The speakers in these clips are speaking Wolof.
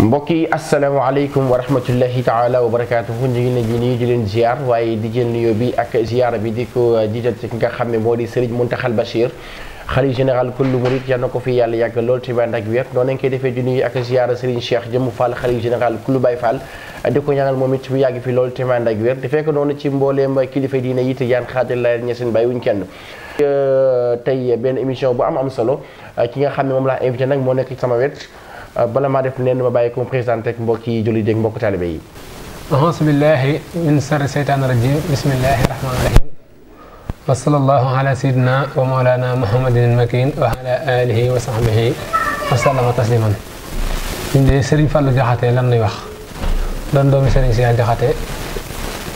mbokki assalamu alaykum wa rahmatullahi taala wa barakatuh ñu ngi leen di nuyu ziar waaye di jël nuyoo bi ak ziar bi di ko jiital ci nga xam ne Serigne Mountakha Bachir xalif général kullu murid yal ko fi yàlla yàgg lool ci bànd wér noonu lañ koy defee di nuyu ak ziar Serigne Cheikh Jëmm Fall xalif général kullu Baye Fall di ko ñaanal moom it mu yàgg fi lool ci bànd wér di fekk noonu ci mbooleem kilifa diine yi te yaan xaadir la seen bàyyi wuñ kenn tey benn émission bu am am solo ki nga xamne mom la invité nak mo nekk sama wet bala maa def leen ma bàyyi ko mu présenté ak mbokk yi jullit yi ak mbokk taalibe yi auzu billahi min sarri seytaani rajim bismillahi rahmaani rahim wa sallallahu ala sayyidina wa mawlana muhammadin makin wa ala alihi wa sahbihi wa sallama tasliman ñu de Serigne Fallou Diakhaté lan lay wax doon doomi Serigne Cheikh Diakhaté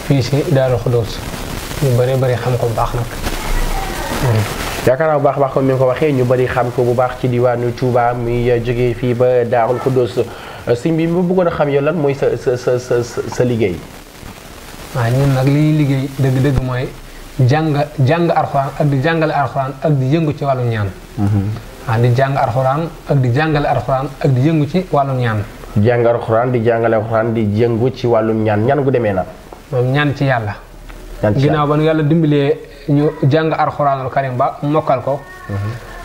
fii si Daaru Xudoos ñu bëree bëri xam ko bu baax nag yaakaar naa bu baax baax comme ni nga ko waxee ñu bëri xam ko bu baax ci diwaanu Touba muy jógee fii ba Daarul Xuddoos sëñ bi mu bëggoon a xam yow lan mooy sa sa sa liggéey. waaw ñun nag li liggéey dëgg-dëgg mooy jàng jàng arxuraan ak di jàngale arxuraan ak di yëngu ci wàllu ñaan. Mhm. waaw di ak di jàngale arxuraan ak yëngu ci wàllum ñaan. jàng arxuraan di jàngale arxuraan di yëngu ci wàllum ñaan ñan gu demee na. moom ci yàlla. ginnaaw ba nu yàlla dimbalee ñu jàng alxuraanul karim ba mokkal ko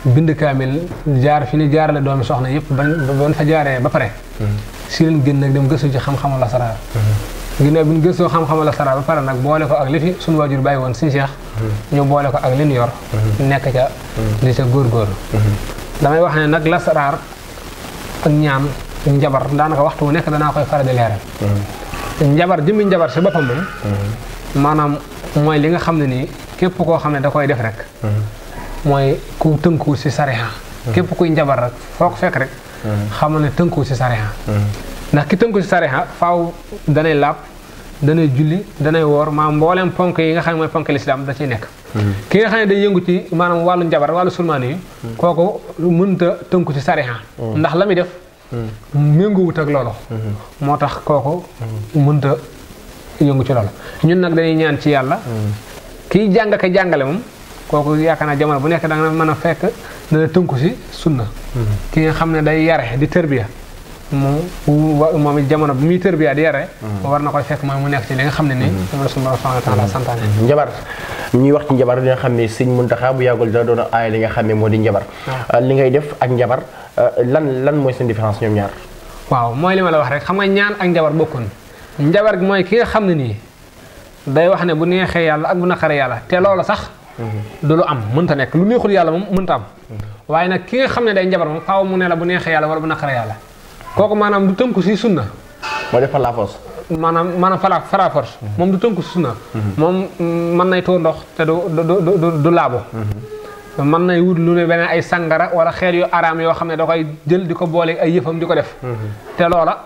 bind kaamil jaar fi ni jaarale doomi soxna yëpp ban fa jaaree ba pare si leen gën nag dem gëstu ci xam-xamu lasaraar ginnaaw bi ñu gëstoo xam-xamu lasaraar ba pare nag boole ko ak li suñ suñu waajur bàyyi woon suñu Cheikh ñu boole ko ak li ñu yor nekk ca di ca góorgóorlu damay wax ne nag lasaraar ak ñaan daa daanaka waxtu wu nekk danaa koy faral di leeral njabar jëmmi njabar si boppam moom maanaam mooy li nga xam ne nii képp koo xam ne da koy def rek mooy ku tënkuwul si sariya képp kuy njabar rek foo ko fekk rek xamal ne tënkuwul si sariya ndax ki tënkuwul si sariya faaw danay làpp danay julli danay woor maanaam mbooleem ponk yi nga xam ne mooy ponk lislaam da ciy nekk ki nga xam ne day yëngu ci maanaam wàllu njabar wàllu sulmaani yi kooku mënta tënku si sariya ndax la muy def méngoowut ak loolu moo tax kooku mënta yëngu ci loolu ñun nag dañuy ñaan ci yàlla ki jang ka jangale mom koku yakana jamono bu nek da nga meuna fekk da tunku ci sunna mhm. ki nga xamne day yare di terbiya mu mom jamono bu mi terbiya di yare mhm. war na koy fekk mo mu nek ci li nga xamne ni rasulullah mhm. sallallahu alaihi wasallam santane njabar ñi wax ci njabar li nga xamne seigne muntaha bu yagul da doona ay li nga xamne modi njabar li ngay def ak njabar euh, lan lan moy sen différence ñom ñaar waaw moy lima la wax rek xam nga ñaan ak njabar bokkun njabar moy ki nga xamne ni day wax ne bu neexee yàlla ak bu naqaree yàlla te loola sax du lu am mënta nekk lu neexul yàlla moom mënta am waaye nag ki nga xam ne day njabar moom mu ne la bu neexee yàlla wala bu naqaree yàlla kooku maanaam du tënku si sunna moo def par la force maanaam maanaam fala force mhm. moom du tënku si sunna mhm. moom mën nay too ndox te du du du laabo mhm. mën nay wut lu ne beneen ay sangara wala xeet yu araam yoo xam ne da ay jël di ko boole ay yëfam di ko def te loola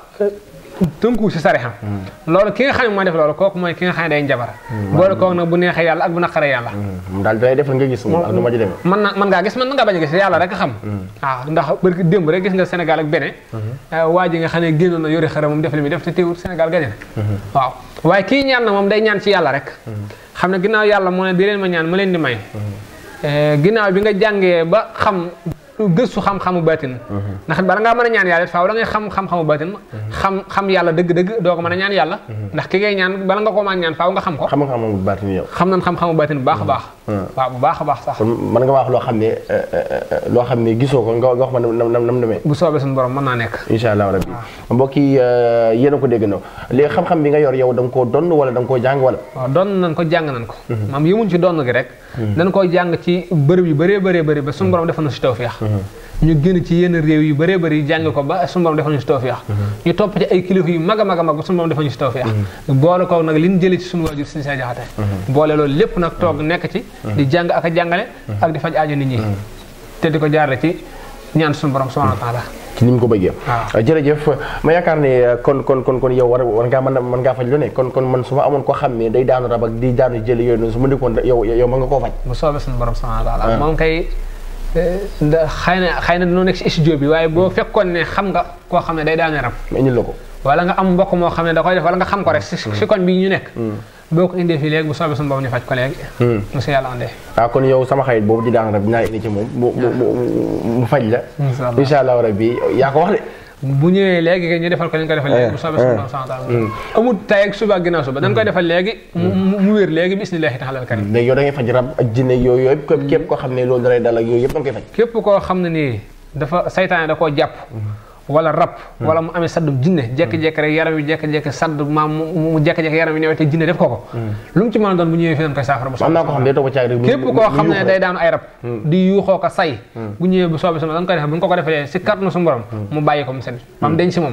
tënkuwu si sare xam mm. loolu ki nga xam ne mooy def loolu kooku mooy ki nga xam ne day njabar mm. boole kooku nag bu neexee yàlla ak bu naqaree yàlla mm. la a gis ah, mm-hmm. ah, na yori moom na mm-hmm. waaw waaye kii ñaan na moom day ñaan ci yàlla rek mm-hmm. xam ne ginnaaw yàlla moo ne di leen ma ñaan ma leen di may eh, ginnaaw bi nga jàngee ba xam gëstu xam-xamu baatin mhm. ndax bala ngaa mën a ñaan yàlla it faaw da ngay xam xam baatin mhm. xam xam doo ko mën a ñaan yàlla mhm. ndax ki ngay ñaan bala nga ko mën ñaan faaw nga xam ko xam-xamu baatin yow xam nañ xam-xamu baatin bu baax a baax a baax sax mën nga wax loo xam ne eh, eh, eh, loo xam ko nga wax ma nam nam demee bu soobee suñu borom mën naa nekk insha allah rabbi mbokk yi yéen a ko dégg na bi nga yor yaw da koo donn wala da nga koo jàng wala waaw donn ko jàng nañ ko maam yëmuñ ci donn gi rek dañ koy jàng ci bërëb yu bëree bëree bëri ba suñu borom si na si tawféex ñu génn ci yenn réew yu bëree bëri jàng ko ba suñu borom defal ñu si ñu topp ci ay kilifa yu mag a mag a mag ba suñu borom defal ñu si boole ko nag li ñu jëlee ci suñu waajur suñu saa jaxate boole loolu lépp nag toog nekk ci di jàng ak a jàngale ak di faj aajo nit ñi te di ko jaarale ci ñaan suñu borom subhanahu ci ni mu ko bëggee ah. Ah, jërëjëf ma yaakaar ne euh, kon kon kon kon yow war war ngaa mën mën ngaa faj lu ne kon kon man su ma amoon koo xam ne day daanu rab ak di daanu jëli yooyu noonu su ma dikkoon yow yow mën nga koo faj bu soobee suñu borom subhanahu ah. moom kay euh, xëy na xëy na dañoo nekk si studio bi waaye boo hmm. fekkoon ne xam nga koo xam ne day daanu rab indil la ko wala nga am mbokk moo xam ne da koy def wala nga xam ko rek si hmm. kon bi nekk hmm. boo ko indee fii léegi bu soobee suñu boobu ñu faj ko léegi. bu hmm. si yàlla andee. ah kon yow sama xarit boobu di daan rab dinaa indi ci moom. mu mu faj la. incha allah incha allah rabbi yaa ko wax de. bu ñëwee léegi ñu defal ko ñu ko defal léegi bu soobee suñu boobu hmm. sant hmm. amul tay ak suba ak ginnaaw suba dañ defal léegi. mu wér léegi bismillahi taala karim. léegi yow da ngay faj rab ak jinne yooyu yëpp képp koo xam ne loolu da lay dal ak yooyu yëpp da nga faj. képp koo xam ne nii dafa saytaane da koo jàpp wala rap hmm. wala mu amé sadd jinné jek jek rek yaram wi jek jek sadd ma mu jek jek yaram wi néwé jinné def koko hmm. lu mu ci mëna doon bu ñëwé fi dañ koy saafara bu soobé ko xam day togo ci rek képp ko xam day daanu ay rap hmm. di yu yuxo ka say bu ñëwé bu soobé sama dañ koy def bu ko ko défé ci carton su mborom mu bayyi ko mu sen mam deñ ci mom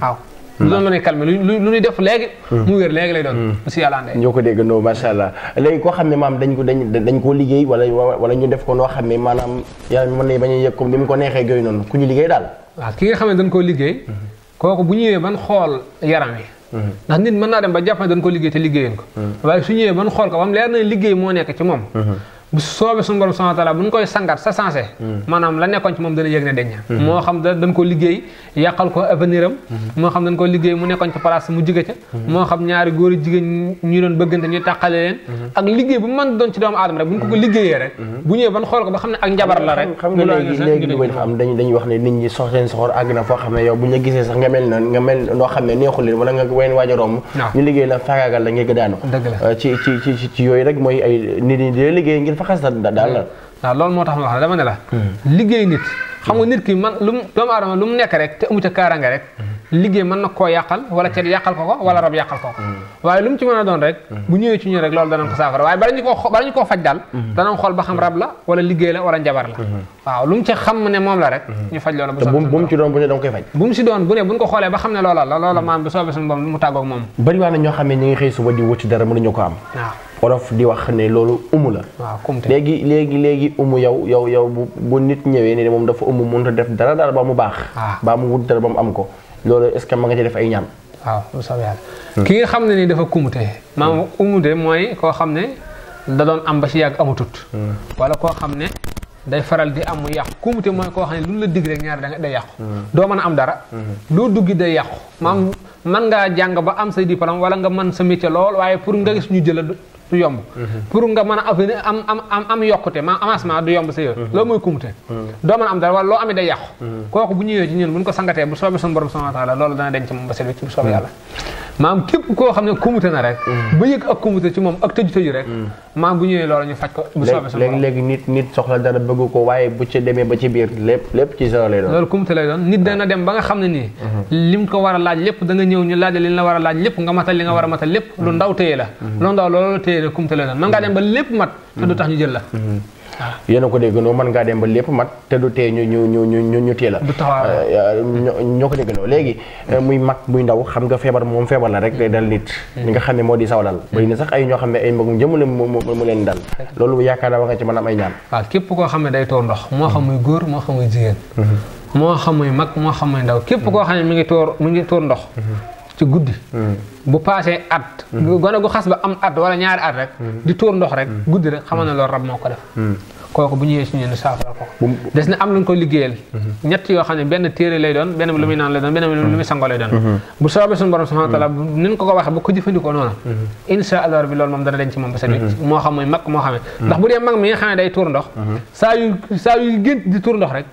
waaw lu doon mëne calmer lu ñu def légui mu wër légui lay doon ci yalla ndé ñoko dégg no ma sha Allah legi ko xamné mam dañ ko dañ ko liggéey wala wala ñu def ko no xamné manam yalla mën nay baña yek nim ko nexé gëy non ku ñu liggéey dal waaw ki nga xam ne koo liggéey. kooku bu ñëwee ban xool yaram yi. ndax nit mën naa dem ba jàpp ne dañ ko liggéey te liggéeyan ko. Hmm. waaye su ñëwee ban xool ko ba mu leer na liggéey moo nekk ci moom. Hmm. bu soobee suñu borom subhanahu wa taala sa sensé hmm. maanaam la nekkoon ci moom dana yëg ne deñ hmm. moo xam da ko liggéey yàqal ko avenir hmm. moo xam dañ ko liggéey mu nekkoon ci place mu jóge a jigéen bu mën doon ci doomu aadama rek bu ñu ko ko liggéeyee rek bu ñëwee ban xool ko a yooyu rek mooy nit ñi di liggéey ngir faxas la daal la. waaw loolu moo tax ma wax dama ne la. Hmm. liggéey nit. xam nga hmm. nit ki man lu mu doomu aadama lu mu nekk rek te amu ca kaaraange liggéey man na koo yàqal wala cet yàqal ko ko wala rab yàqal ko ko mm-hmm. waaye lu mu ci mën a doon rek mm-hmm. bu ñëwee ci ñu rek loolu danañ ko saafara waaye bala ñu koo bala ñu koo faj daal mm-hmm. ba xam rab la wala liggéey la wala njabar la waaw lu mu ci xam ne moom la rek ñu faj loolu bu mu ci bu koy faj bu mu si doon bu ne buñ ko xoolee ba xam ne loola la loolu maam bu soobee suñu boom mu tàggoog moom bari waa na ñoo xam ne ñu ngi xëy suba di wuti dara mënuñu léegi léegi yow yow yow bu nit ñëwee ne moom dafa umu mënut a def dara dara ba mu baax ah. ba mu wut dara ba mu am ko loolu est-ce que ma nga ci def ay ñaan. waaw bu soobee yàlla. ki nga xam ne ni dafa kumute. maanaam umute mooy koo xam ne da doon am ba si yàgg amatut. Hmm. wala koo xam ne day faral di am mu yàqu kumute mooy koo xam ne lu la dig rek ñaar da day yàqu. Hmm. doo mën a am dara. Hmm. loo duggi day yàqu. maanaam mën ngaa jàng ba am sa diplôme wala nga mën sa métier lool waaye pour nga gis ñu jëla du yomb. Mhm. pour nga mën a avenir am am am am yokkute ma avancement du yomb sa yow. Mhm. loolu mooy kumute. Mhm. doo mën a am dara wala loo amee day yàqu. kooku bu ñëwee ci ñun bu ñu ko sangatee bu soobee sunu borom subhanahu wa taala loolu dana koo xam ne kumute na rek. ba yëg ak kumute ci moom ak tëju tëju rek. maam bu ñëwee loolu ñu faj ko. bu soobee sunu borom léegi léegi nit nit soxla dana bëgg ko waaye bu ci ba ci biir lépp lépp ci sa lay doon. loolu kumute lay nit dana dem ba nga xam ne nii. lim ko war a laaj lépp da ñëw ñu laaj li la war a laaj lépp nga matal li nga war a matal lépp lu ndaw téye la. lu ndaw loolu téye de kumte lay doon mën ngaa dem ba lépp mat te du tax ñu jël la mm-hmm. yéen dem ba lépp mat te du tee ñu ñu ñu ñu ñu tee la euh, ñoo ko déggandoo léegi euh, muy mag muy ndaw xam nga feebar moom feebar la rek day dal nit mm-hmm. li nga xam ne moo di sawlal bari na sax ay ñoo xam ne ay mbagum jëmale mu leen dal loolu yaakaar naa nga ci mën am ay ñaan waaw képp koo xam ne day toor ndox moo xam muy mm-hmm. góor moo xam muy jigéen moo xam muy mag moo xam muy ndaw képp koo xam ne mi ngi toor mi ngi toor ndox ci guddi hmm. bu paasee at hmm. gone gu xas ba am at wala ñaari at rek hmm. di tuur ndox rek guddi rek xamal na loolu rab moo ko def kooku bu ñu yee suñu yenn saafara ko des na am lañ koy liggéeyal ñett yoo xam ne benn téere lay doon benn bi lu muy naan lay doon benn bi lu muy sangoo lay doon mhm. bu soobee suñu borom ko ko waxee bu ko jëfandikoo noonu mhm. insha allah mhm. moo xam muy mag moo xamee ndax bu saa yu saa yu gént di tuur ndox rek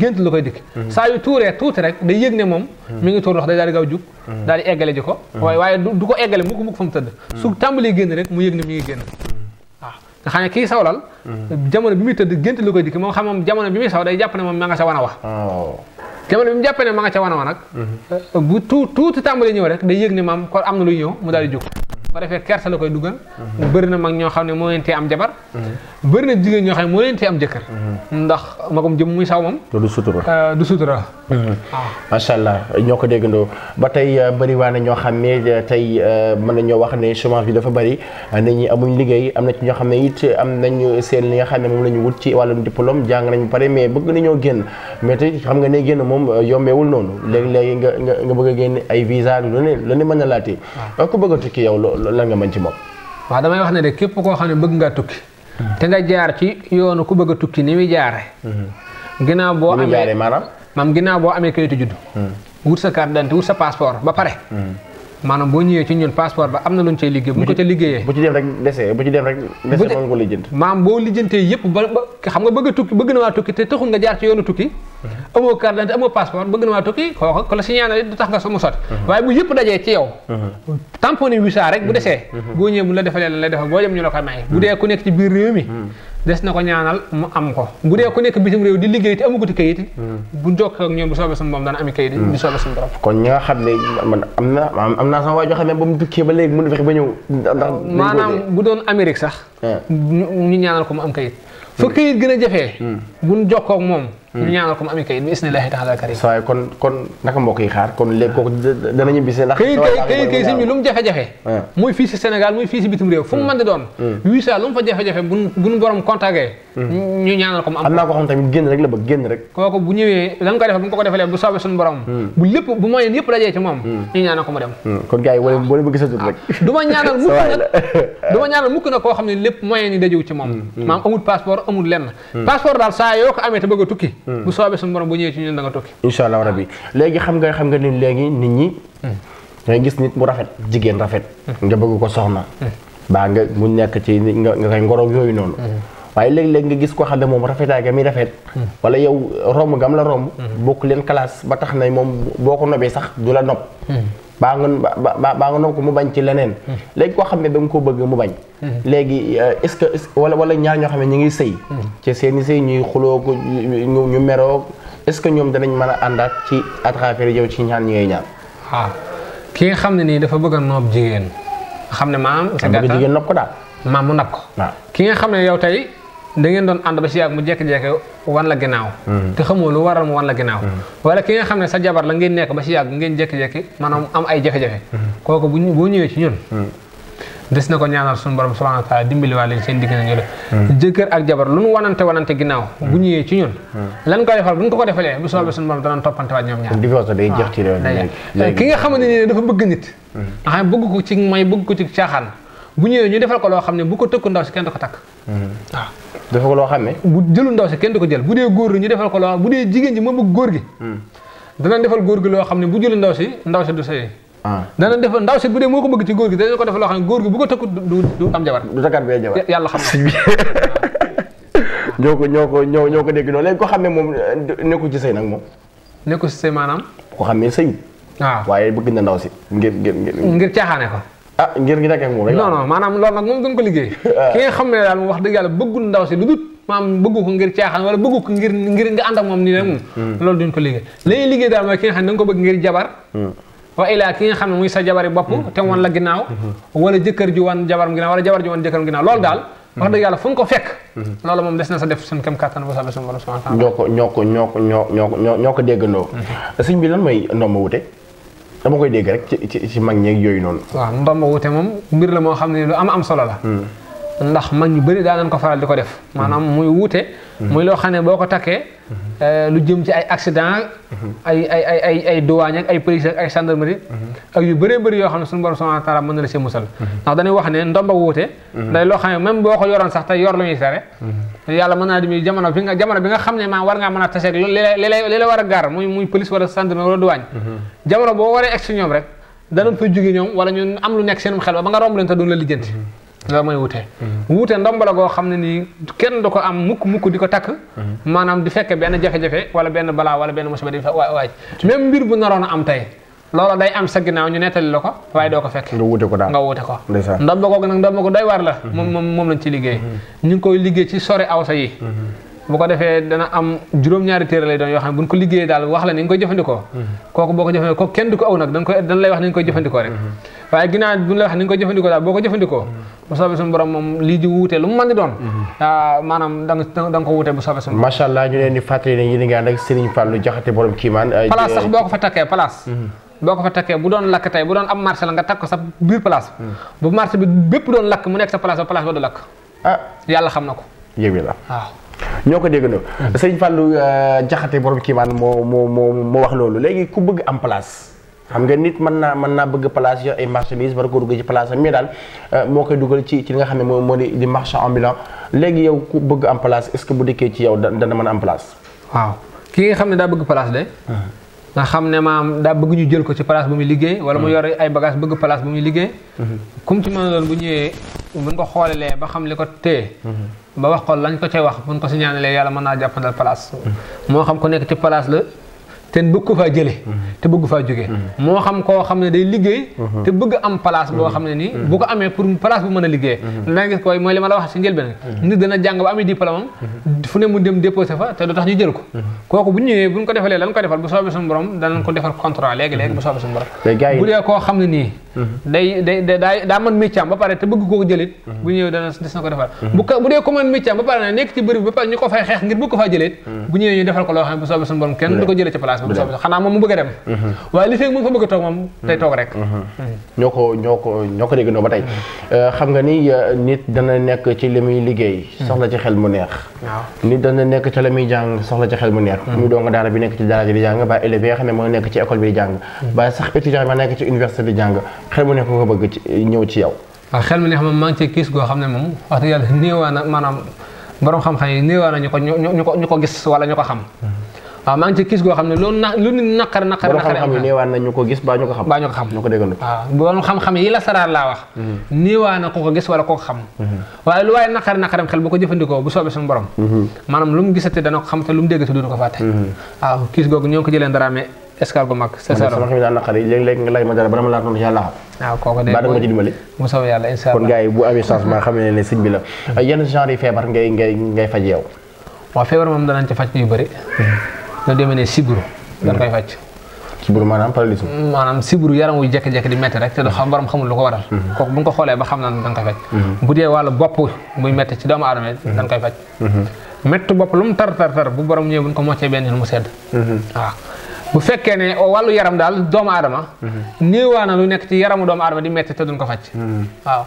gént lu koy dikk saa yu tuuree tuuti rek day yëg ne moom mi ngi tuur ndox day daal di gaaw jug daal di eggale ji waaye du ko eggale mukk mukk fa mu tëdd su tàmbalee génn rek mu yëg ne mi ngi génn nga xam ne kii saw lal jamono bi muy tëdd gént lu koy dikk moom xam moom jamono bi muy saw day jàpp ne moom ma nga ca wan a wax oh. jamono bi mu jàppee ne ma nga ca wan a wax nag mhm. bu tuuti tàmbali ñëw rek day yëg ni maam ko am na lu ñëw mu daal di jóg ba defee kersa la koy dugal bëri na mag ñoo xam ne moo leen tee am jabar bëri na jigéen ñoo xam ne moo leen tee am jëkkër ndax magum jëm muy saw moom du sutura euh, du sutura mhm. ah. macha allah ñoo ko déggandoo ba tey euh, bëri waa na ñoo xam ne euh, tey mën na ñoo wax ne chômage bi dafa bëri nit ñi amuñ liggéey am na ci ñoo xam ne it am nañu seen li nga xam ne moom la ñu wut ci wàllum diplôme jàng nañu pare mais bëgg nañoo génn mais tey xam nga ne génn moom yombeewul noonu léegi-léegi nga nga bëgg a génn ay visa lu ne lu ne mën na laati ah. ko bëgg a tukki yow lan nga mañ ci moom. waaw damay wax ne de képp koo xam ne bëgg ngaa tukki. te nga jaar ci yoonu ku bëgg a tukki ni muy jaare mhm. ginnaaw boo amee jaaree maanaam. maam ginnaaw boo amee kayitu juddu. Mhm. wut sa carte d'identité wut sa passeport ba pare. Mhm. maanaam boo ñëwee ci ñun passeport ba am na lu ñu cay liggéey bu ñu bu ci dem rek dese bu ci dem rek dese mën nga ko lijjanti maam boo lijjantee yëpp ba xam nga bëgg a tukki bëgg na tukki te taxul nga jaar ci yoonu tukki amoo carte d'identité amoo passeport bëgg na maa tukki xooxa ko la signaler du tax nga mu sotti waaye bu yëpp dajee ci yow tamponné visa rek bu desee boo ñëwee bu la la koy may bu dee ku nekk ci biir réew des na ko ñaanal mu am ko bu dee ku nekk bitim réew di liggéey te amaguti kayit bu jokkoo ak ñoom bu soobee suñu borom dana ami kayit bu soobee suñu borom kon na am naa ba mu tukkee ba léegi mënu fexe ba ñëw ndax ko mu am kayit fa kayit a jafee hmm. buñ jokkoo ak moom ñu ñaanal ko mu ami kayit bi isnillahi taala karim waaye kon kon naka mbokk yi xaar kon léegi kooku dana ñu bisee ndax kayit kayit kayit sëñ bi lu mu jafe-jafe muy fii si Sénégal muy fii si bitim ko mu am xam naa ko xam tamit génn rek la bëgg génn rek kooku bu ko defee bu ñu ko ko defalee hmm. moyen yëpp dajee ci moom hmm. ñu ñaanal ko mu dem hmm. kon gars yi wala boo leen bëgg gisatul rek ah. du ma ñaanal mukk nag koo xam ne lépp moyen yi dajewu ci moom maam amul passeport amul lenn passeport daal saa yoo ko amee te bëgg a tukki Hmm. bu soobee suñu borom bu ñëwee ci ñun da nga tukki incha allah rabbi léegi xam nga xam nga ni léegi nit ñi hmm. ngay gis nit bu rafet jigéen rafet hmm. nga bëgg ko soxna baa nga mu nekk ci nga koy ngoroog yooyu noonu waaye léeg-léeg nga gis koo xam ne moom rafetaay ga mi rafet wala yow romb am la romb bokk leen kalaas ba tax na moom boo ko nobee sax du la nopp baa nga baa nga nopp ko mu bañ ci leneen hmm. léegi koo xam ne da nga ko bëgg mu bañ hmm. léegi euh, est-ce que wala wala ñaar ñoo xam ne ñu ngi sëy hmm. ci seeni sëy ñuy xuloo ko ñu meroo est-ce que ñoom danañ mën a àndaat ci à travers yow ci ñaan ñooy ñaan waaw ah. ki nga xam ne nii dafa bëgg a noob jigéen xam ne maam sa gàttal jigéen nopp ko daal maam mu nap ki nga xam ne yow tey da ngeen doon ànd ba si yàgg mu jékki-jékki wan la ginnaaw mm. te xamoo lu waral mu wan la ginnaaw mm. wala ki nga xam ne sa jabar la ngeen nekk ba si yàgg ngeen jékki-jékki maanaam am ay jafe-jafe mm. kooku bu boo ñëwee ci ñun des na ko ñaanal suñu borom subhanahu wa taala dimbaliwaat leen seen digg jëkkër ak jabar lu nu wanante wanante ginnaaw bu ñëwee ci ñun lan ko defal bu ko ko defalee bu soobee suñu borom danañ toppante waat ñoom ki nga xamante ne dafa bëgg nit nga xam bëgg ko ci may bëgg ko ci caaxaan bu ñëwee ñu defal ko loo xam ne bu ko tëkku ndaw si kenn du ko takk waaw dafa ko loo xam ne bu jëlu ndaw si kenn du ko jël bu dee góor ñu defal ko loo bu dee jigéen ji moom ak góor gi hmm. danañ defal góor gi loo xam ne bu jëlu ndaw si ndaw si du sëy ah. dana defal ndaw si bu dee moo ko bëgg ci góor gi danañ ko defal loo xam ne góor bu ko tëkku du du am jabar du takkaat bee yàlla xam na ñoo ko ñoo ko ñoo ñoo ko dégg noonu léegi xam ne moom eh, nekku ci sëy nag moom nekku ci sëy maanaam ko xam ne sëy waaw ah. waaye bëgg na ndaw si ngir ngir ngir caaxaane ko ah ngir ngi nekk ak moom rek non non maanaam loolu nag moom duñ ko liggéey ah. ki nga xam ne daal moom wax dëgg yàlla bëggul ndaw si lu dut maanaam bëggu ko ngir caaxaan wala la hmm. hmm. daal mooy ki nga da nga ko bëgg ngir jabar hmm. la ginnaaw wala jëkkër ji wan jabaram ginnaaw wala jabar ji wan jëkkëram ginnaaw loolu daal wax dëgg yàlla fu nga ko fekk loolu moom des na sa def suñ kam kàttan ba sabe suñ borom subhanahu wa taala ñoo ko ñoo ko ñoo ko ñoo ko ñoo ko déggandoo sëñ dama koy dégg rek ci ci mag ñeeg yooyu noonu. waaw mbamba wuute moom mbir la moo xam ne lu am am solo la. Hmm. ndax mag ñu bëri daanañ ko faral di ko def maanaam muy wuute muy loo xam ne boo ko takkee eh, lu jëm ci ay accident ay ay ay ay ay douane ak ay police ak ay gendarmerie ak yu bëree bëri yoo xam ne suñu borom subhanahu wa mën na la see musal ndax dañuy wax ne ndomba wuute loo xam ne même boo ko yoroon sax te yor lu ñuy sare yàlla mën naa dimi jamono bi nga jamono bi nga xam ne maa war ngaa mën a taseeg li la li la war a gaar muy muy police wala gendarmerie wala douane jamono boo waree egg si ñoom rek dana fa jóge ñoom wala ñu am lu nekk seen xel ba nga romb leen te duñ la lijjanti loolu mooy wuute ndomba la goo xam ne nii kenn du ko am mukk mukk di ko takk maanaam di fekkee benn jafe-jafe wala benn balaa wala benn musiba di fa waaj même mbir bu naroon a am tey loola day am sa ginnaaw ñu nettali la ko waaye doo ko fekk nga wuute ko daal nga wuute ko ndomba googu nag ndomba ko doy war la mhm. moom moom moom lañ ci liggéey mhm. ñu ngi koy liggéey ci sori awsa yi mhm. bu ko defé dana am juróom-ñaari téré lay doon yo xam buñ ko liggéey dal wax la ni nga koy koku boko jëfëndiko ko kenn du ko aw nak dañ koy dañ lay wax ni nga koy jëfëndiko rek mhm. waye ginnaaw buñ la wax ni nga koy jëfëndiko dal boko ko bu soobee sun borom mom li di wuté lu man di doon ah manam dang dang ko wuté bu soobee suñu mhm. ah, macha allah ñu leen di fatali ne a nak Serigne fallu jaxati borom kiimaan place sax boko fa také place mhm. boko fa také bu doon lak tay bu doon am marché la nga takko sa biir place bu marché bi bépp doon lak mu nekk sa place ba place ba du ah yalla xamnako yewi la waaw ñoo ko déggandoo. sëñ Fallou euh, Jaxate borom kiimaan moo moo moo moo wax loolu léegi ku bëgg am place. xam nga nit mën naa mën naa bëgg place yor ay marchandises war ko dugg ci place euh, moo koy dugal ci ci nga xam ne moo moo di di marchand ambulant léegi yow ku bëgg am place est ci yow dana mën a am ki nga xam ne daa bëgg place de. Uh-huh. nga xam ne maam daa bëgg ñu jël ko ci place bu muy liggéey. wala mu uh-huh. yore ay bagages bëgg place bu muy liggéey. comme uh-huh. ci mën doon bu ñëwee mën ko xoolee ba xam ne ko téye. ba wax ko lañ ko cay wax buñ ko si ñaanalee la mën naa jàppandal place moo xam ko nekk ci place la te bëgg ko faa jële te bëgg faa jóge moo xam koo xam ne day liggéey te bëgg am place boo xam ne nii bu ko amee pour place bu mën a liggéey danga gis koy mooy ma la wax si njëlbeen nit dana jàng ba amee diplôme am fu ne mu dem déposé fa te du tax ñu jël ko kooku bu ñëwee buñ ko defalee lan ko defal bu soobee suñu borom danañ ko defal contrat léegi léegi bu soobee suñu bu Mm-hmm. day day daa mën métier ba pare te bëgg koo jëlit mm-hmm. bu ñëwee dana des na ko defal bu bu dee ko mën métier ba pare na nekk ci bëri bi ba pare ñu mm-hmm. bu ñëwee a nga ni euh, nit dana nekk nekk ci la muy jàng soxla ci mu ba élève yi ne moo nekk ci école bi di jàng ba sax étudiant ba nekk ci université di jàng xel mu neex ko ko bëgg ci ñëw ci yow. waaw xel mu neex moom maa ngi ci kiis goo xam ne moom wax yàlla néewaa na maanaam borom xam-xam yi néewaa ñu ko gis lu na néewaa na ñu ko gis baa ñu ko xam baa ñu ko xam ñu ko déggandu waaw borom xam yi la saraar laa wax mm-hmm. néewaa na ko ko gis wala ko ko xam mm-hmm. waaye lu waaye naqar naqaram xel bu ko jëfandikoo bu soobee suñu borom mm-hmm. maanaam lu mu gisati dana ko xam te lu mu déggati du ko fàtte waaw kiis googu ñoo ko jëleen daraame escale gu mag c'est ça sama xamina naqari léeg léeg nga lay ma dara ba dama laa tontu yàlla waaw kooku de baal nga ci dimbali mu sama yàlla insha kon gars yi bu amee chance ma xam ne ne sëñ bi la yenn genre yi feebar ngay ngay ngay faj yow waaw feebar moom danañ ci faj yu bëri lu demee ne siburu dañ koy faj siburu maanaam paralysie maanaam siburu yaram wu jekki-jekki di metti rek te du xam borom xamul lu ko waral kooku bu nga ko xoolee ba xam naan dañ koy faj bu dee wàllu bopp muy metti ci doomu aadama dañ koy faj métti bopp lu tar tar tar bu borom ñëwee buñ ko moccee benn mu sedd waaw bu fekkee ne wàllu yaram daal doomu aadama néewaana lu nekk ci yaramu doomu adama di metti te duñ ko faj waaw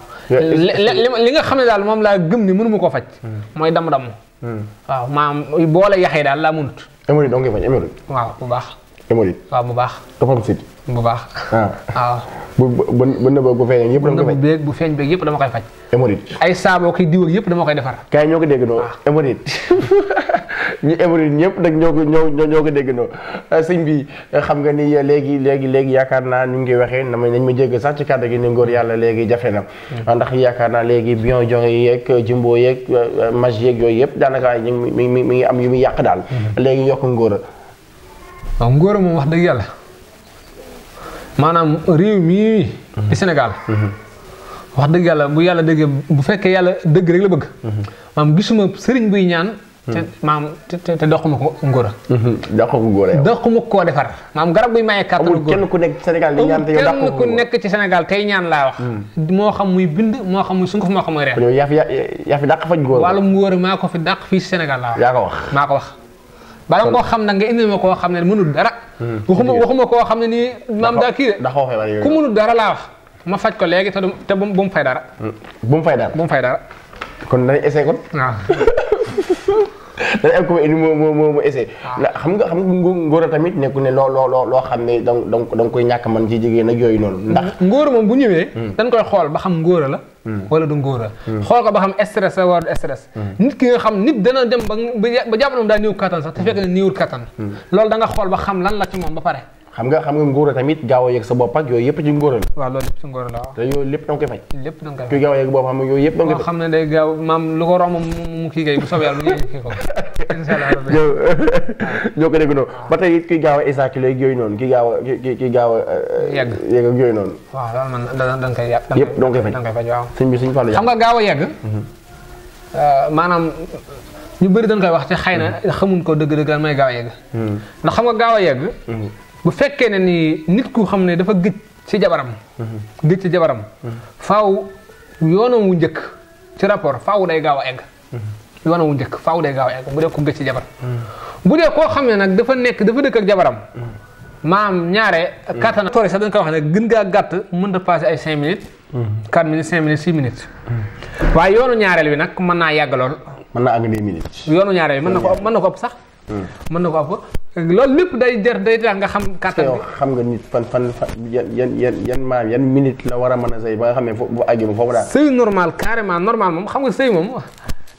li nga xam ne daal moom laa gëm ni mënu ma koo faj hmm. mooy damm-damm hmm. waaw maam boole yaxee daal laa mënut émoride doo ngi faj waaw bu baax émoride bu baax toppam sit bu baax ah. waaw bu bu bu nëbëg bu feeñ yëpp dama koy faj bu nëbëg bu feeñ beeg yëpp dama koy faj émoride ay saaboo koy yëpp dama koy defar kay ñoo ko dégg doo ah. émoride ñu évolué ñëpp nag ñoo ko ñoo ñoo ko déggandoo euh, sëñ bi euh, xam nga ni euh, léegi léegi léegi yaakaar naa ñu ngi waxee na ma nañ ma jégg sax ci kàddu gi ni ngóor yàlla léegi jafe na mm-hmm. ah, ndax yaakaar naa léegi bion jonge yeeg jimbo yeeg maj yeeg yooyu yëpp daanaka ñu mi mi ngi am yu mu yàq daal mm-hmm. léegi yokk ngóor a waaw moom wax dëgg yàlla maanaam réew mii mm-hmm. di Sénégal wax dëgg yàlla bu yàlla dëgg bu fekkee yàlla dëgg rek la bëgg maanaam gisuma sëriñ buy ñaan te maam te te doxuma ko ngóora. Mhm. doxuma ngóora yow. doxuma koo defar. maam garab buy maye kàttanu góor ku nekk senegal Sénégal di ñaan te yow kenn nekk ci Sénégal tey ñaan laa wax. Mhm. moo xam muy bind moo xam muy sunguf moo xam muy reer. yow yaa fi yaa fi dàq fa maa ko fi dàq fii ci Sénégal laa wax. wax maa ko wax. bala koo xam nag nga indil ma koo xam ne mënul dara. Mhm. waxuma waxuma koo xam ne nii maam daa kii de. ku mënul dara laa wax ma faj ko léegi te du bu mu fay dara. bu mu fay dara bu fay dara. kon danañ essayé kon. waaw dañu am ko indi moo moo moo mu ah. xam nga xam nga ngóor a tamit nekku ne loo loo loo xam ne da nga da koy ñàkk man ci jigéen ak yooyu noonu. ndax ngóor moom bu ñëwee. Hmm. dañ koy xool ba xam ngóor la. Hmm. wala du ngóor a. Hmm. xool ko ba xam stress la wala du stress. nit ki nga xam nit dana dem ba ba jàpp na mu daa néew kattan sax te fekk ne néewul kattan. loolu da nga xool ba xam lan la ci moom ba pare. xam nga xam nga ngóora tamit gaaw a yegg sa bopp ak yooyu yëpp ci ngóora la. waaw loolu lépp la te yooyu lépp da koy faj. a yegg bopp xam nga yooyu yëpp da nga koy faj. xam ne day gaaw maam lu ko romb mu kii kay ñoo ñoo ko ba tey gaaw a éjaculé ak yooyu noonu ki gaaw a ki gaaw a. Eh, yegg yegg noonu. waaw loolu man da koy yàq. yëpp da nga koy nga koy faj waaw. sëñ bi sëñ xam nga gaaw a yegg mhm. eh, maanaam ñu bëri dañ koy wax te xëy na xamuñ ko dëgg-dëgg lan mooy gaaw a yegg mhm. ndax xam nga gaaw a yegg mhm. bu fekkee ne ni nit ku xam ne dafa gëj ci jabaram. Mhm. gëj ci jabaram. Mhm. faw yoonam wu njëkk ci rapport faw day gaaw a egg. Mhm. yoonam wu njëkk faw day gaaw a egg bu dee ko gëj ci jabar. bu dee koo xam ne nag dafa nekk dafa dëkk ak jabaram. maam ñaare. kattan tool yi sax dañ ko wax ne gën ngaa gàtt mënut a passé ay cinq minutes. quatre minutes cinq minutes six minutes. waaye yoonu ñaareel bi nag mën naa yàgg mën naa àgg des minutes. yoonu ñaareel bi mën na ko mën na ko ëpp sax. mën na ko ëpp loolu lépp day jar day tax nga xam kàttan bi xam nga nit fan fan fan yan yan yan yan maam yan minute la war a mën a sëy ba nga xam ne bu foofu daal sëy normal carrément normal moom xam nga sëy moom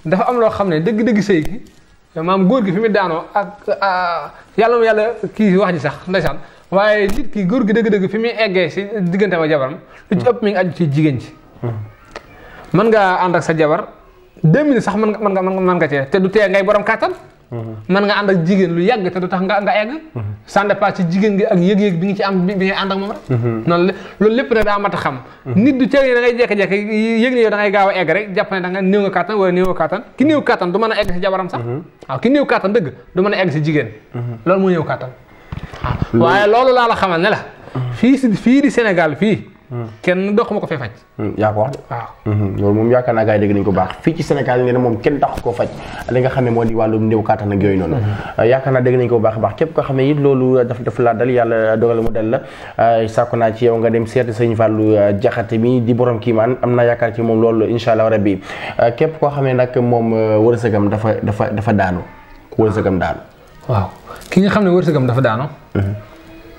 dafa am loo xam ne dëgg-dëgg sëy gi maam góor gi fi mu daanoo ak ah, yàlla mu yàlla kii wax ji sax ndeysaan waaye nit ki góor gi dëgg-dëgg fi muy eggee si diggante ma jabaram lu ci ëpp mi ngi aju ci jigéen ci mën nga ànd ak sa jabar deux minutes sax mën nga mën nga mën nga cee te du tee ngay borom kàttan mën nga ànd ak jigéen lu yàgg te du tax nga nga egg ça dépend ci jigéen gi ak yëg-yëg bi nga ci am bi ngay ànd ak moom rek noonu loolu lépp nag daa mat a xam nit du cere da ngay jékki-jékki yëg ne yow da ngay gaaw a egg rek jàpp ne da nga néew nga kàttan wala néew nga kàttan ki néew kàttan a egg si jabaram sax waaw ki néew loolu moo néew kàttan waaw waaye loolu laa la xamal ne la fii si fii di Sénégal fii kenn dox ma ko fee faj. Hmm, yaa ko wax de. waaw hmm, loolu moom yaakaar naa gars dégg nañu ko baax fii ci Sénégal nee na moom kenn tax koo faj ne moo di wàllum néew kàttan ak yooyu noonu. Hmm. yaakaar naa dégg nañu ko baax a baax képp koo xam ne it loolu daf daf laa dal yàlla dogal mu dal la sàkku naa ci yow nga dem seeti sëñ Fallou Jaxate euh, mi di borom kiimaan am naa yaakaar ci moom loolu incha allah rabbi euh, képp koo xam ne nag moom euh, wërsëgam dafa dafa dafa daanu wërsëgam daanu. waaw ki nga xam ne wërsëgam dafa daanu.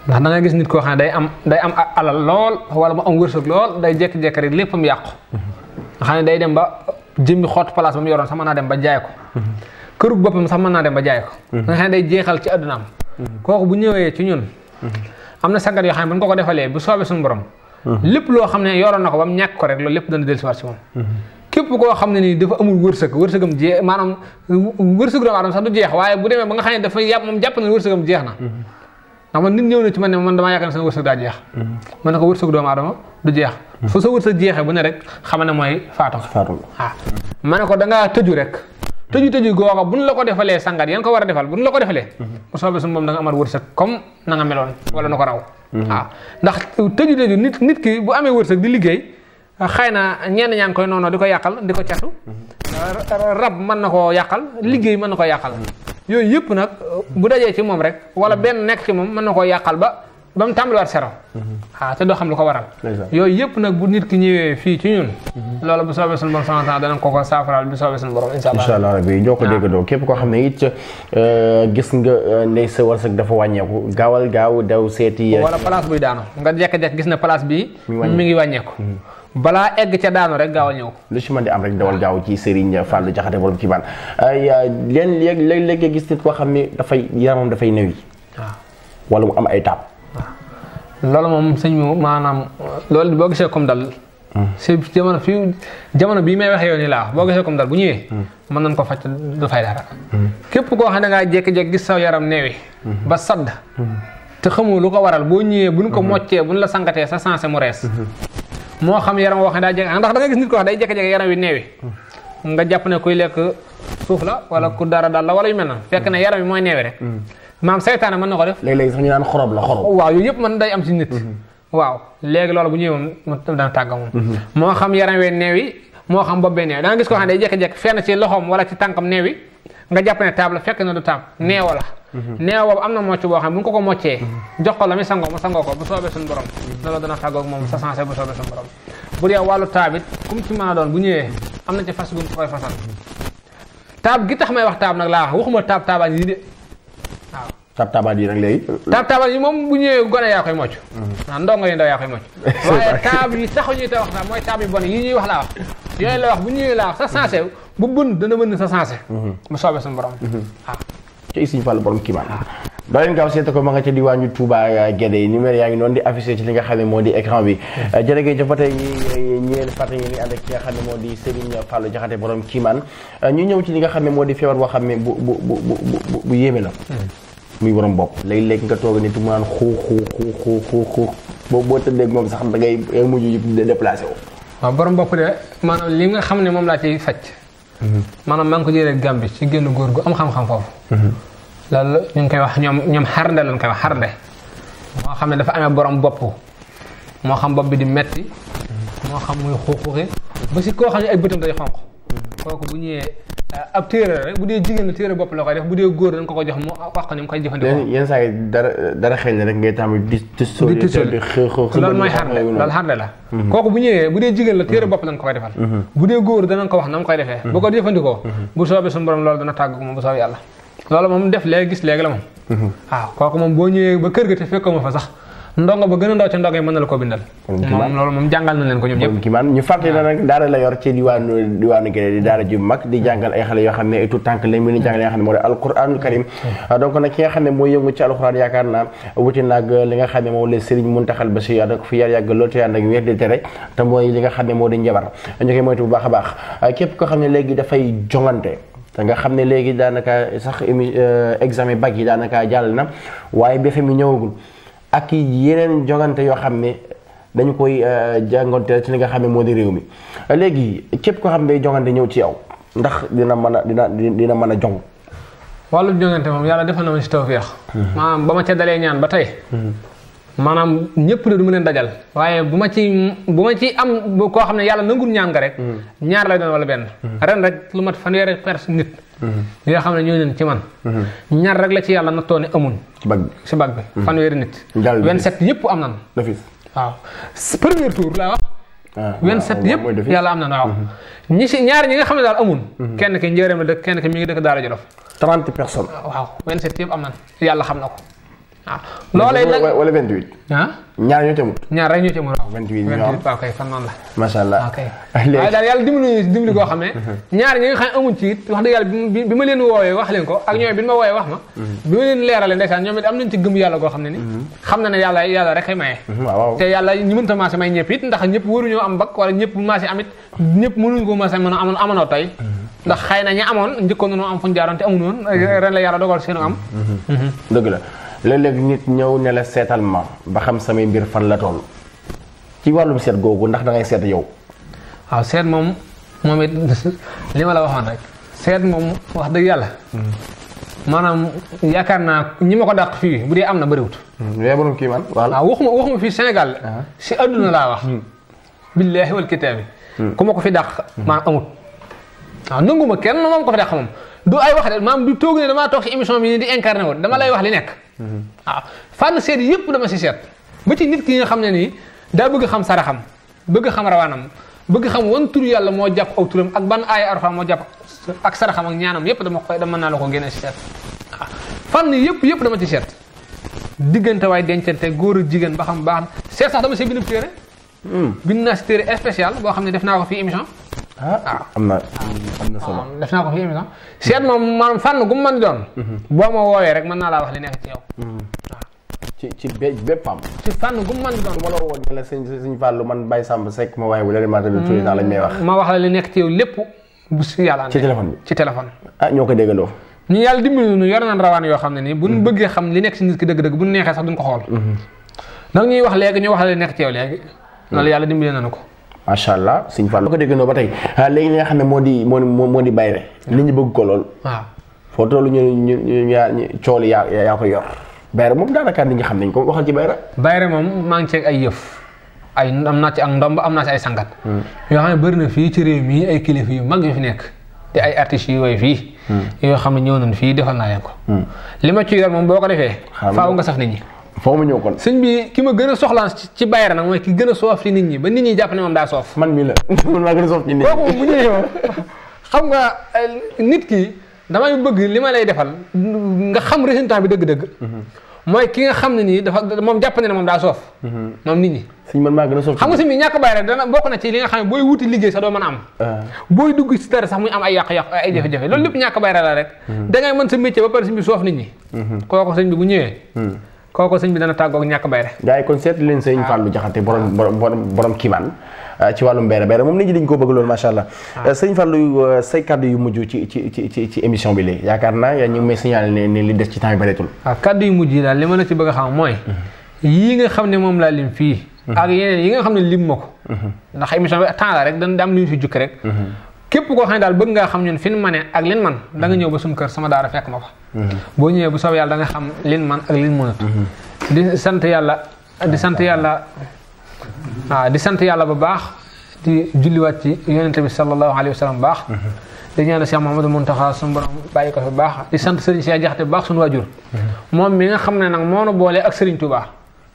ndax da ngay gis nit koo xam ne day am day am alal lool wala mu am wërsëg lool day jékki-jékki rek lépp mu yàqu. nga xam ne day dem ba jëmmi xottu place ba mu yoroon naa dem ba jaay ko. këru boppam sax mën naa dem ba jaay ko. day jeexal ci àddunaam. kooku bu ñëwee ci ñun. am na saggat yoo xam ne defalee bu soobee suñu borom. lépp loo xam ne yoroon na ko ba mu ko rek loolu lépp dana dellusiwaat si moom. képp koo xam ne nii dafa amul wërsëg wërsëgam jeex maanaam wërsëgu doomu aadama sax du jeex waaye bu demee ba nga xam ne dafa yàpp moom jàpp na wërsëgam jeex na xam nit ñew na ci man ne man dama yaakaar ne sama wërsëg daa jeex hmm. man ne ko wërsëg doomu aadama du jeex fu hmm. sa wërsëg jeexee bu ne rek xam ne mooy faatu faatu ah ma ne ko da nga tëju rek tëju tëju googa buñ la ko defalee sangat yan ko war a defal buñ la ko defalee bu hmm. soobee sun moom da nga amat wërsëg comme na nga meloon wala na ko raw ah ndax tëju tëju nit nit ki bu amee wërsëg di liggéey Ah, xëy ah, na ñang koy nono diko yakal diko ciatu rab man nako yakal. Yo man nako yakal yoy yep nak uh, bu dajé ci mom rek wala ben nek ci mom man nako yakal ba bam tambal war sero ha, mhm. ah, te do xam lu ko waral yoy yep nak bu nit ki ñewé fi ci ñun mhm. lolu bu soobee sun borom sama da danañ ko ko safaral bu soobee sun borom insha allah rabbi ñoo ko do képp ko xamné it euh gis nga uh, sa sax dafa gawal gaaw daw uh, wala place bu daanu nga jekk-jekk gis na place bi mi ngi wàññeeku mhm. balaa egg ca daanu rek gaaw a ñëw. lu si mën di am rek dawal gaaw ci Serigne Fallou Diakhaté borom ci baan leen léeg léeg léeg gis nit koo xam ne dafay yaramam dafay néew yi. wala mu am ay taab. loolu moom sëñ maanaam loolu boo gisee comme dal. Hmm. si jamono bii may waxee yow laa boo gisee comme bu ñëwee. Hmm. mën nañ ko faj du fay hmm. képp koo xam ne ngaa gis saw yaram neewi ba sadd. te xamoo lu ko waral boo ñëwee buñ ko moccee buñ la sangatee sa sensé mu rees. moo xam yaram woo xam ne ndax da nga gis nit ko wax day jékki-jékki yaram wi neewi nga jàpp ne kuy lekk suuf la wala ku dara dal la wala yu mel na fekk na yaram wi mooy neewi rek mm. maam saytaane mën na ko def léeg-léeg sax naan xorob la xorob waaw yooyu yëpp mën day am ci nit mm-hmm. waaw léegi loolu bu ñëwee moom dana tàgga moom mm-hmm. moo xam yaram wi neewi moo xam bopp bi neewi da nga gis ko xam ne day jékki-jékki fenn ci loxoom wala ci tànkam neewi nga jàpp ne taab la fekk na du taab neewa la mhm. neewa boobu am na mocc boo xam bu nga ko ko moccee mhm. jox ko la mi sangoo mu sangoo ko bu soobee suñu borom loolu dana tàggoog moom sa sensé bu soobee suñu borom bu dee wàllu taab it a doon gi tax may wax taab nag laa waxuma taab taabaan yi de waaw taab taabaan yi nag léegi taab taabaan yi moom bu ñëwee gone yaa koy mocc mhm. waaw yi ndaw yaa koy mocc waaye taab yi taxu wax laa wax yooyu la wax bu ñëwee laa wax sa sensé bu bën dana mën sa sensé mhm. mu soobee suñu borom waaw ci Sëriñ Fallu borom kiimaan ah. doo leen gaaw seeta ko ma nga ca diwaañu Touba euh, Guédé yi numéro yaa ngi noonu di affiché ci li nga xam ne moo di écran bi euh, jërëjëf jëf ba tey ne moo di Serigne Fallou Jaxate borom kiimaan euh, ñu ñëw ci li nga xam ne moo di feebar boo xam ne bu bu bu bu bu yéeme la hmm. muy borom bopp léeg-léeg nga toog ni mu naan xuux xuux xuux xuux xuux boo boo tëddeeg moom sax da ngay mujj yëpp déplacé waaw borom bopp de maanaam li nga xam ne moom laa ciy faj. Mhm. maanaam maa ngi ko jëlee Gambie ci génn góor gu am xam-xam foofu. Mhm. loolu ñu ngi koy wax ñoom ñoom xarnde lañ koy wax xarnde. moo xam ne dafa amee boroom bopp moo xam bopp bi di metti mhm. moo xam muy xuuxuxi ba si koo xam ne ay bëtam day xonq. kooku bu ñëwee ah, ab téere bu dee jigéen la téere bopp la koy def bu dee góor dañ ko ko jox mu wax ni mu koy jëfandikoo. yenn saa yi dara dara la. kooku bu ñëwee bu dee jigéen la téere bopp lañ ko koy defal. Mm-hmm. bu dee góor danañ ko wax ko mm-hmm. jëfandikoo. Mm-hmm. bu soobee suñu borom loolu dana tàggu moom bu soobee yàlla. loolu moom def léegi gis la moom. waaw kooku moom boo ñëwee ba kër ga te fekkoo ma fa sax ndongo ba gën a ndaw ca ndongo yi mën na ko bindal moom loolu jàngal na leen ko ñoom ñëpp ñu fàttali la nag daara yor ci diwaanu diwaanu Guinée di daara ju mag di jàngal ay xale yoo xam ne ay tout tànk lañ mën a jàngal li hmm. nga xam moo di alquranul karim donc nag ne mooy yëngu ci alquran yaakaar naa wuti nag xam ne moom la Serigne Muntaxal ba si yàlla fi yar yàgg loolu te yàlla ak wér di tere mooy li nga xam ne moo di njabar ñu koy moytu bu baax a baax képp ko xam ne léegi dafay jongante te nga xam ne léegi daanaka sax émi euh, examen bag yi daanaka jàll na waaye BFEM mu ñëwagul ak yeneen jongante yoo xam ne dañu koy euh, jàngonteel ci li nga xam ne moo di réew mi léegi képp ko xam ne day jongante ñëw ci aw ndax dina mën a dina dina mën a jong wàllu jongante moom yàlla defal na ma ci tawféex hmm. maanaam ba ma ca dalee ñaan ba tey hmm. maanaam ñëpp de du ma leen dajal waaye bu ma ci bu ma ci am koo xam ne yàlla nangul ñaan nga rek hmm. ñaar lay doon wala benn ren rek lu mat fanweeri pers nit yi nga xam ne ñoo leen ci man mhm. ñaar rek la ci yàlla nattoo ne amuñ ci bag bi si bag bi fanweeri nit vingt-sept yëpp am nan waaw premier tour laa wax ah, vingt-sept yëpp yàlla am nan waaw mhm. ñi si ñaar ñi nga xam ne daal amuñ mhm. kenn ki njëreem la dëkk kenn ki mi ngi dëkk Daara Jolof trente personnes waaw vingt yëpp am nan yàlla xam na ko Ah. waaw loolee nag wala ah? ñaar ñoo ca ñaar rek ñoo ca mut. 28 ñoo am 28 koo xam ne. Mm-hmm. ñaar ñi nga xam amuñ ci it wax dëgg yàlla bi ma leen woowee wax leen ko ak ñoom bi ma woowee wax ma. Mm-hmm. bi ma leen leeralee ndeysaan ñoom it am nañ ci gëm yàlla goo xam ne ni. Mm-hmm. xam na ne yàlla yàlla rek ay maye. waaw te yàlla ñi mënta maase may ñëpp it ndax ñëpp waruñoo am bak wala ñëpp maase amit ñëpp mënuñ ko maase mën a amoon amoonoo tey ndax xëy na ña amoon njëkkoon nañoo am fuñ jaaroon te amuñu woon ren la yàlla dogal seenu am dëgg la leleg nit ñëw ne la setal ma ba xam samay mbir fan la toll ci walum set gogu ndax da ngay set yow. waaw set mom momit lima la waxon rek set mom wax deug yàlla. manam yakarna ñima ko dakk fi bu di amna bari wut yaa borom kii man voilà. waxuma waxuma fi Sénégal. ci aduna la wax. billahi wal kitab kuma ko fi dakk man amut. waaw nangu kenn mom ko fi dakk mom du ay wax rek maam du toog ne damaa toog si émission bi ni di incarner woon dama lay wax li nekk. Mm-hmm. ah fan seet yépp dama si seet ba ci nit ki nga xam ne nii daa bëgg xam saraxam bëgg xam rawanam bëgg xam wan tur yàlla moo jàpp aw turam ak ban aaya arfa moo jàpp ak saraxam ak ñaanam yépp dama koy dama naa la ko génne si seet ah, fan yépp yépp dama ci seet diggante waay dencante góor ak jigéen ba xam baax seet sax dama see bindu téere hmm. bind naa si téere spécial boo xam ne def naa ko fii émission ah am na am na solo def naa ko fi émission ah. seet moom maanaam fànn gu mu mën doon. Mhm. boo ma woowee rek mën naa laa wax li nekk ci yow. Mhm. Ah. ci ci bépp woon ne la sëñ sëñ man Baye Samb Seck ma waaye bu leen maa tamit tuuti may wax. Mm, ma wax la li nekk ci yàlla. ci téléphone bi ci téléphone. ah ñoo ko déggandoo. ñu yàlla dimbali ñu yor naan rawaan yoo xam ne nii. bu ñu mhm. bëggee xam li nekk ci nit ki dëgg-dëgg bu ñu neexee sax duñ ko xool. nag ñuy wax léegi ñu wax la li nekk ci yow léegi. loolu yàlla dimbali nañu ko macha allah sëñ Fall. boo ko déggee noonu ba tey ah, léegi li nga xam ne moo di moo moo di bayre nit ñi bëgg ko lool. waaw foo toll ñu ñu ñu yaa cool yaa yaa ko yor. bayre moom daanaka nit ñi xam nañ ko waxal ci bayre. bayre moom maa ngi ceeg ay yëf. ay am naa ak ndomb am naa ci ay sangat. Hmm. yoo xam ne bëri na fii ci réew mi ay kilifa yu mag yu fi nekk. te ay artistes yu way fii. Hmm. yoo xam ne ñëw nañ fii defal naa leen ko. Hmm. li ma ci yor moom boo ko defee. faaw nga sax nit ñi. foo ma kon señ bi ki ma gën soxlaan ci bayer nak moy ki gëna soof ci nit ñi ba nit ñi japp ne mom da soof man mi la man maa gëna soof ci nit ñi bu bu yow xam nga euh, nit ki dama yu bëgg li ma lay defal nga xam résultat bi dëgg-dëgg moy mhm. ki nga xam ni dafa mom japp ne mom da soof mom mhm. nit ñi señ man ma gëna soof xam nga señ bi ñak bayer dana bokku na ci li nga xam boy wuti liggéey sa do mën am ah. boy dugg ci dara sax muy am ay yaq yaq ay jëf jëf mhm. loolu lepp ñak bayer la rek da ngay mën sa métier ba par señ bi soof nit ñi kooku señ bi bu ñëwee hmm. kooku sëñ bi dana tàggoog ñàkk bayre gars yi kon seet leen sëñ ah. Fallou Diakhaté ah. borom borom borom kiimaan ah, ci wàllum bayre bayre moom nit ñi dañ koo bëgg loolu macha allah eh, sëñ Fallou eh, say kaddu yu mujj ci ci ci ci ci émission bi léegi yaakaar naa yaa ñu ngi may signalé ne ne li des ci temps yi bareetul waaw yu mujj yi daal li ma la ci bëgg a xam mooy mhm. yii nga xam ne moom laa lim fii mhm. ak yeneen yi nga xam ne lim ma ko mhm. ndax émission bi temps la rek dañ am lu ñu fi rek képp koo xam ne daal bëgg ngaa xam ñun fi ñu mane ak lin man da nga ñëw ba suñu kër sama daara fekk ma fa boo ñëwee bu soobee yàlla da nga xam lin man ak lin mënut di sant yàlla di sant yàlla waaw di sant yàlla bu baax di julliwaat ci yonente bi sallallahu alayhi wa sallam baax di ñaanal Cheikh Mouhamadou Mountakha suñu borom bàyyi ko fi baax di sant Serigne Cheikh Jaxate bu baax suñu jur moom mi nga xam ne nag moo nu boole ak sëriñ Touba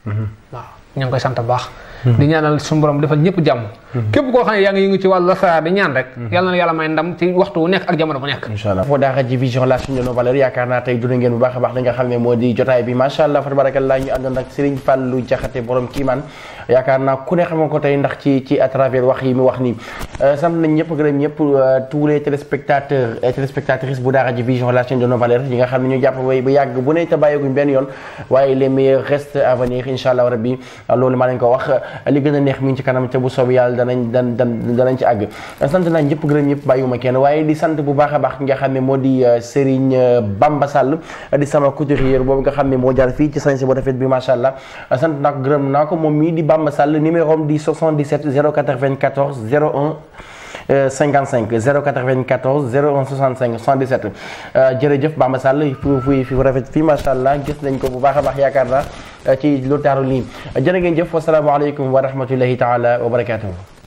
waaw ñu ngi koy sant baax Hmm. di ñaanal sun borom defal ñepp jamm hmm. képp koo xam ne yaa ngi yëngu ci wàllu saa di ñaan rek hmm. yàlla na yàlla may ndam ci waxtu wu nekk ak jamono bu nekk inshallah fo daara ji vision la suñu no valeur yaakaar naa tey dund ngeen bu baax a baax li nga xam ne moo di jotaay bi masha allah barakallah ñu àndoon ak Serigne Fallou jaxate borom kiimaan yaakaar naa ku ne xam ko tey ndax ci ci à travers wax yi mu wax ni euh, sam nañ ñëpp gërëm ñëpp euh, tous les téléspectateurs et téléspectatrices bu daara ji vision la suñu no valeur yi nga xam ne ñu jàpp way bu yàgg bu ne te bàyyeeguñ benn yoon waaye les meilleurs restes à venir inshallah rabbi loolu maa leen ko wax li gën a neex mi ngi ci kanam te bu soob yàlla danañ dan dan danañ ci àgg sant naa ñëpp gërëm ñëpp bàyyiwuma kenn waaye di sant bu baax a baax ki nga xam ne moo di euh, Serigne euh, Bamba Sall di sama couturier boobu nga xam ne moo jaar fii ci sañse bu rafet bi macha allah sant naa ko gërëm naa ko moom mii di Bamba Sall numéro am di 77 094 01 55 094 01 65 77 jërëjëf Bamba Sall fi fi rafet fii macha allah gis nañ ko bu baax a baax yaakaar naa euh, ci lu taaru lii jër a ngeen jëf wasalaamaaleykum wa rahmatullahi taala wa barakaatuhu